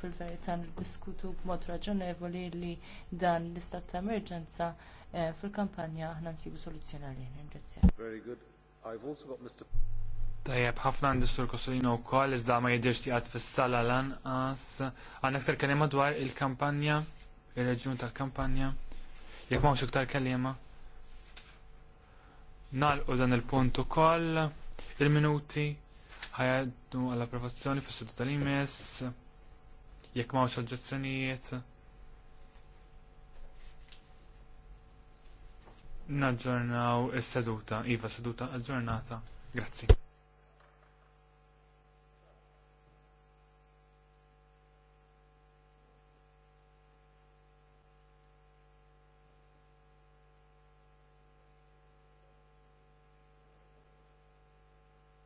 fil-verità niddiskutu b'mod raġonevoli li dan l-istat ta' emerġenza eh, fil-kampanja aħna nsibu soluzzjoni għalih. Ringrazzja. Very good. I've also got Mr. Tajjeb, ħafna għandi sur Kosolino u koll, iżda ma jidirx ti għad fissala lanqas. Għan aktar kalima dwar il-kampanja, il-reġjun tal-kampanja. Jek mawx aktar kalima. Nalqu dan il-punt ukoll, il-minuti, ħajaddu għall-approvazzjoni fis-sedu tal-imes jekk m'hawnx oġġezzjonijiet. Naġġornaw is-seduta, iva seduta aġġornata. Grazzi.